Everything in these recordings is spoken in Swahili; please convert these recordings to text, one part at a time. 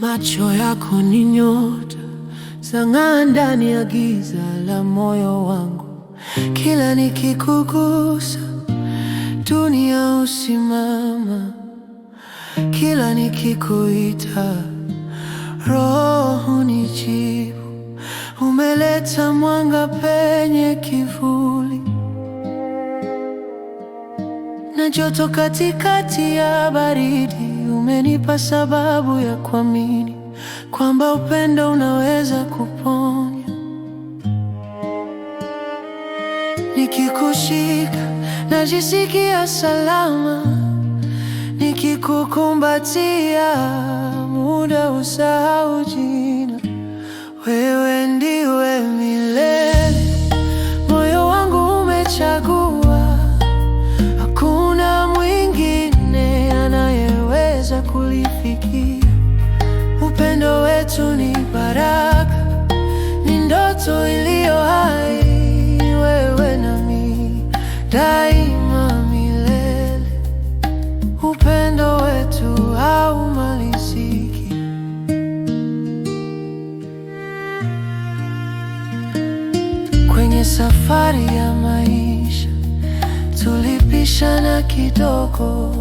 Macho yako ni nyota zang'aa ndani ya giza la moyo wangu. Kila nikikugusa dunia usimama kila nikikuita roho jivu Umeleta mwanga penye kivuli na joto katikati ya baridi umenipa sababu ya kuamini kwamba upendo unaweza kuponya. Nikikushika najisikia salama, nikikukumbatia muda usahau jina wewe Kwenye safari ya maisha tulipishana kidogo,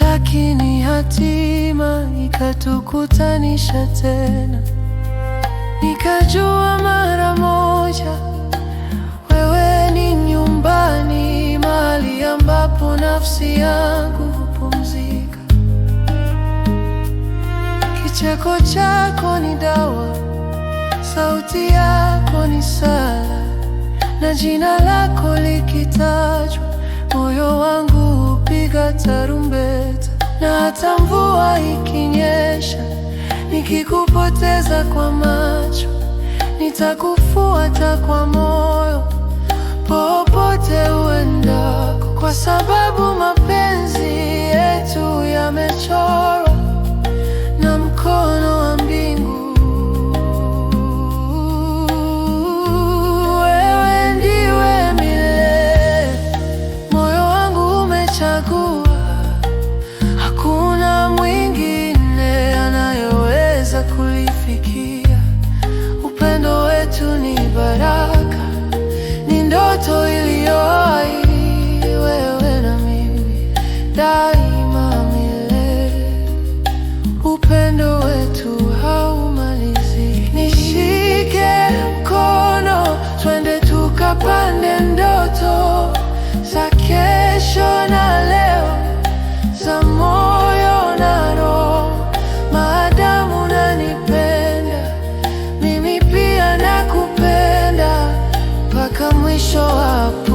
lakini hatima ikatukutanisha tena. Nikajua mara moja wewe ni nyumbani, mahali ambapo nafsi yangu hupumzika. Kicheko chako ni dawa, sauti yako ni saa na jina lako likitajwa, moyo wangu upiga tarumbeta, na hata mvua ikinyesha, nikikupoteza kwa macho, nitakufuata kwa moyo, popote uendako kwa sababu toi show up